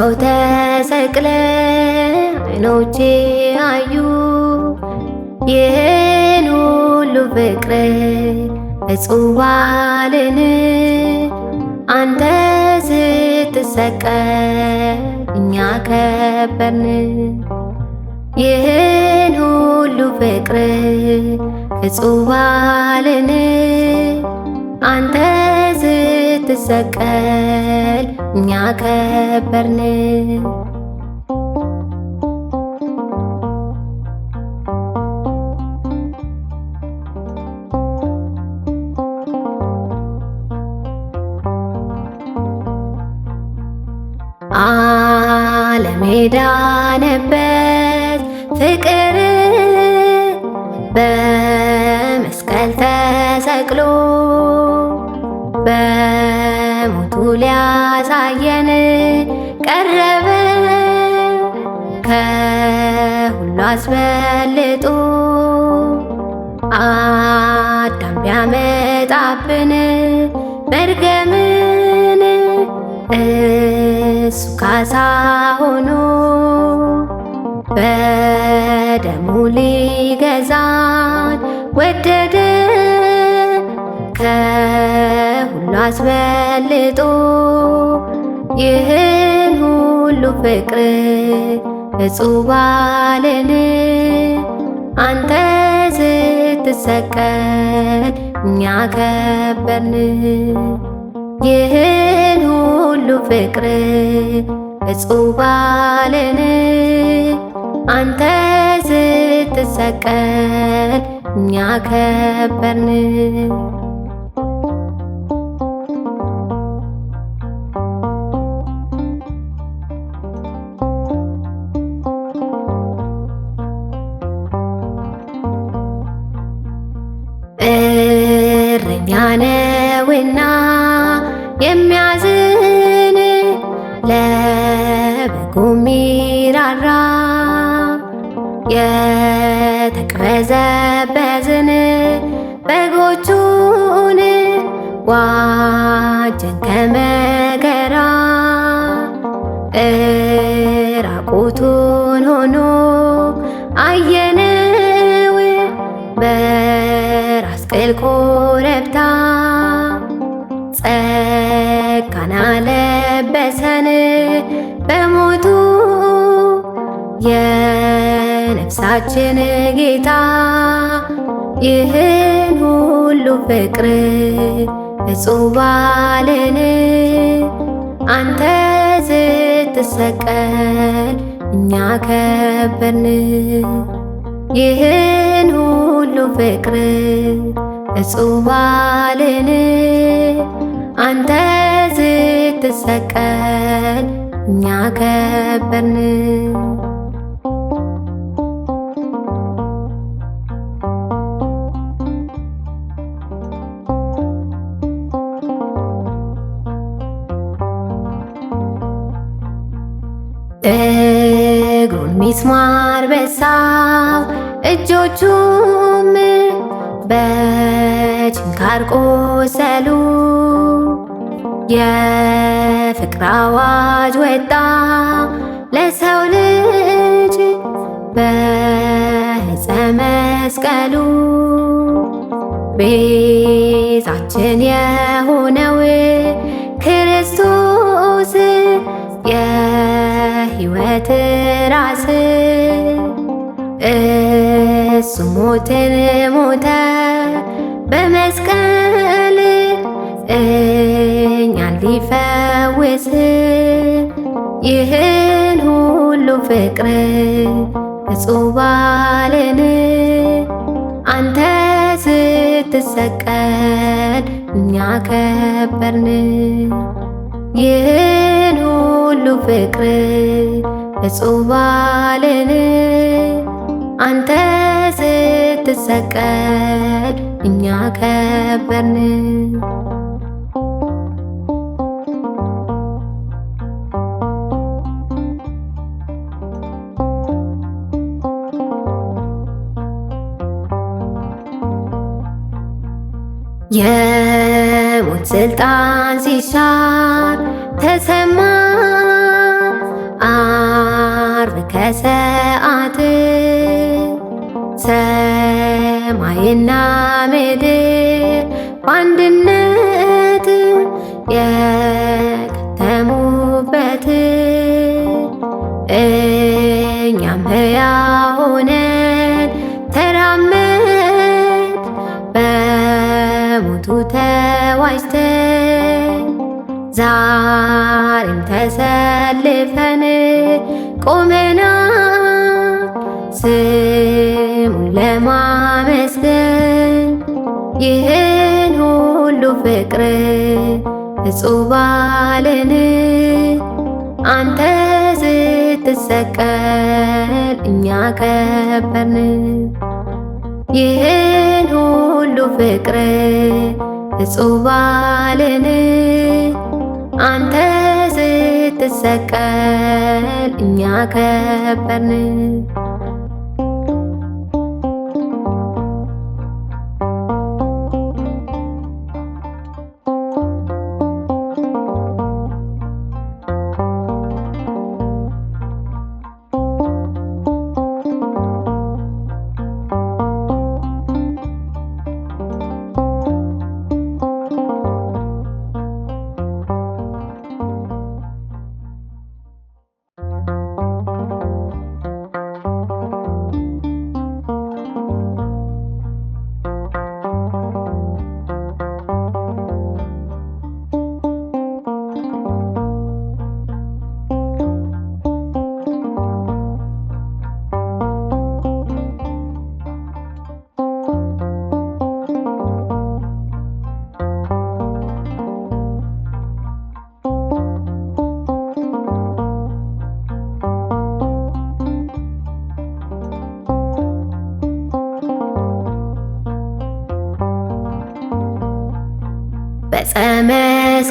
ሰው ተሰቅለ አይኖቼ አዩ ይህን ሁሉ ፍቅር እጽዋልን አንተ ስትሰቀል እኛ ከበርን ይህን ሁሉ ፍቅር እጽዋልን አንተ ስትሰቀል እኛ ከበርን አለሜዳ ፍቅር በመስቀል ተሰቅሎ በሞቱ ሊያ ከሁሉ አስበልጦ አዳም ቢያመጣብን መርገምን እሱ ካሳ ሆኖ በደሙ ሊገዛን ወደደ ከሁሉ አስበልጦ ይህን ሁሉ ፍቅር እጹብ አልን አንተ ስትሰቀል እኛ ከበርን ይህን ሁሉ ፍቅር እጹብ አልን አንተ ስትሰቀል እኛ ከበርን ዋጀን ከመከራ ራቁቱን ሆኖ አየነው በራስ ቅል ኮረብታ ጸጋን አለበሰን በሞቱ የነፍሳችን ጌታ ይህን ሁሉ ፍቅር እጹብ አንተ ስትሰቀል እኛ ከበርን ይህን ሁሉ ፍቅር እጹብ አንተ ስትሰቀል እኛ ከበርን ምስማር በሳው እጆቹም በችንካር ቆሰሉ። የፍቅር አዋጅ ወጣ ለሰው ልጅ በዕፀ መስቀሉ ቤዛችን የሆነው ክርስቶስ የሕይወት ራስ እሱ ሞትን ሞተ በመስቀል እኛን ሊፈውስ ይህን ሁሉ ፍቅር እጹባልን አንተ ስትሰቀል እኛ ከበርን ይህን ሁሉ ፍቅር እጹብ አንተ ስትሰቀል እኛ ከበርን። የሞት ስልጣን ሲሻር ተሰማ ሰማይና ምድር በአንድነት የከተሙበት እኛም ሕያው ሆነን ተራመድ በሞቱ ተዋጅተን ይህን ሁሉ ፍቅር እጹባልን አንተ ስትሰቀል እኛ ከበርን። ይህን ሁሉ ፍቅር እጹባልን አንተ ስትሰቀል እኛ ከበርን።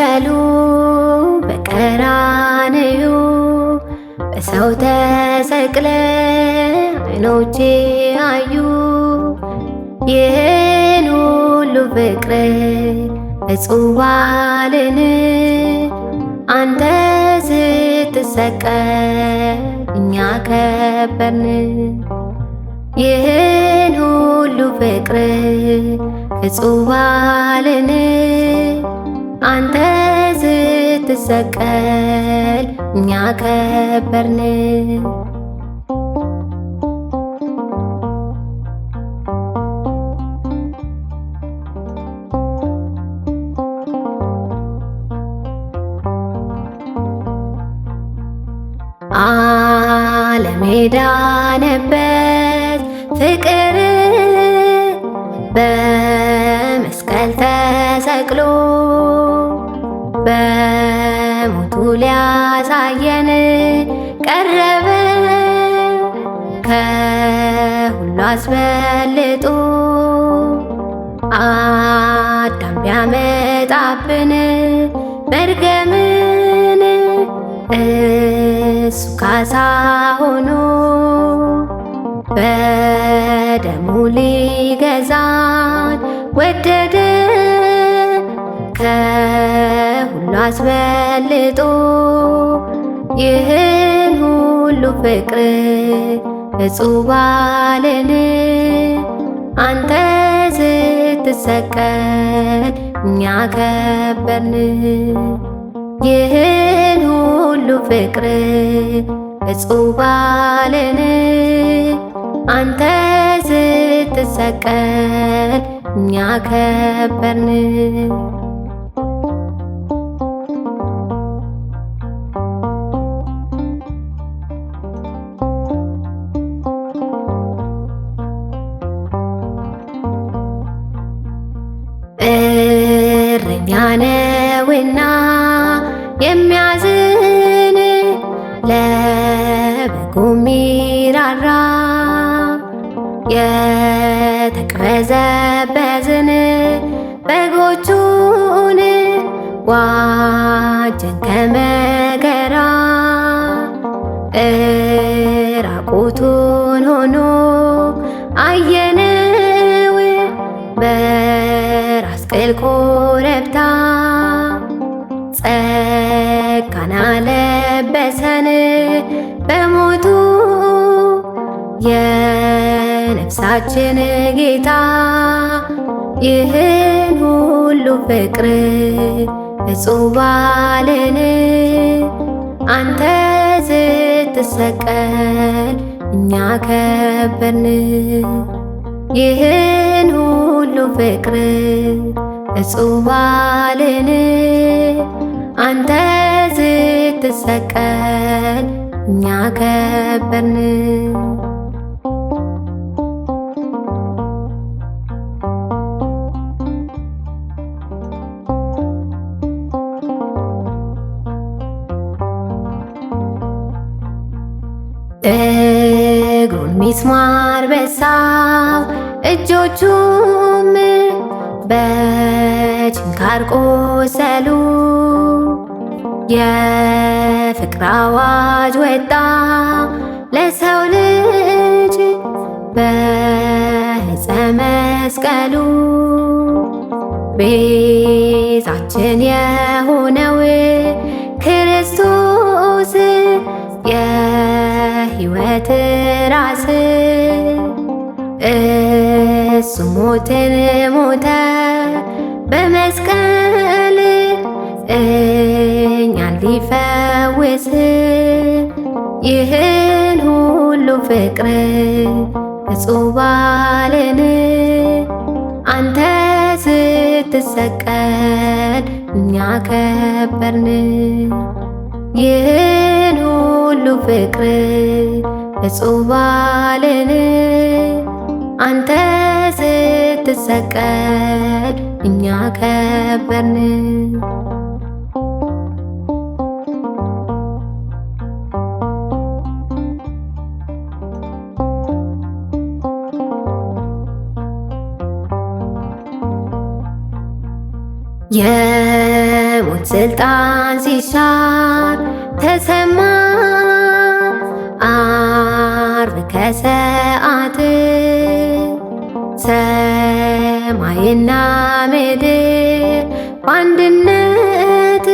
መስቀሉ በቀራንዮ በሰው ተሰቅለ አይኖቼ አዩ ይህን ሁሉ ፍቅር እጹባልን አንተ ስትሰቀል እኛ ከበርን ይህን ሁሉ ፍቅር እጹባልን አንተ ስትሰቀል እኛ ከበርን። አለሜዳ ነበት ፍቅር በመስቀል ተሰቅሎ በሞቱ ሊያሳየን ቀረበ። ከሁሉ አስበልጦ አዳም ቢያመጣብን መርገምን እሱ ካሳ ሆኖ በደሙ ሊገዛን ወደደ። አስበልጦ ይህን ሁሉ ፍቅር እጹባልን አንተ ስትሰቀል እኛ ከበርን ይህን ሁሉ ፍቅር እጹባልን አንተ ስትሰቀል እኛ ከበርን የሚያምርና የሚያዝን ለበጉ ሚራራ የተቅበዘበዝን በጎቹን ዋጀን ከመገራ እራቁቱን ሆኖ አየነው በራስ ቅልቆ የነፍሳችን ጌታ ይህን ሁሉ ፍቅር እጹባልን አንተ ስትሰቀል እኛ ከበርን ይህን ሁሉ ፍቅር እጹባልን አንተ ስትሰቀል እኛ ከበርን ሚስማር በሳው እጆቹም በችንካር ቆሰሉ። የፍቅር አዋጅ ወጣ ለሰው ልጅ በዕፀ መስቀሉ ቤዛችን የሆነው ክርስቶስ የሕይወት ስሞትን ሞተ በመስቀል እኛን ሊፈውስ ይህን ሁሉ ፍቅር እጹባልን አንተ ስትሰቀል እኛ ከበርን ይህን ሁሉ ፍቅር እጹባልን አንተ ስትሰቀል እኛ ከበርን። የሞት ስልጣን ሲሻር ተሰማ አርብ ከሰ ምድር በአንድነት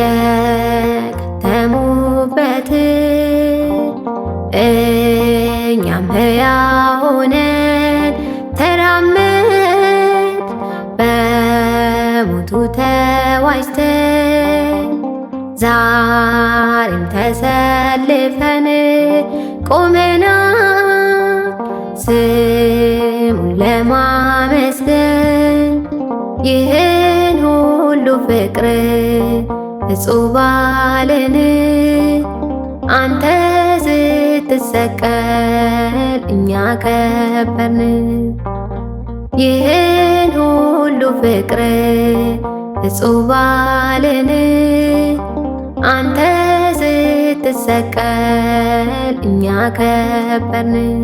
የከተሙበት እኛም ሕያው ተራመድ በሞቱ ተዋጅተን ዛሬም ተሰልፈን ቆመን ይህን ሁሉ ፍቅር እጹባልን አንተ ስትሰቀል እኛ ከበርን። ይህን ሁሉ ፍቅር እጹባልን አንተ ስትሰቀል እኛ ከበርን።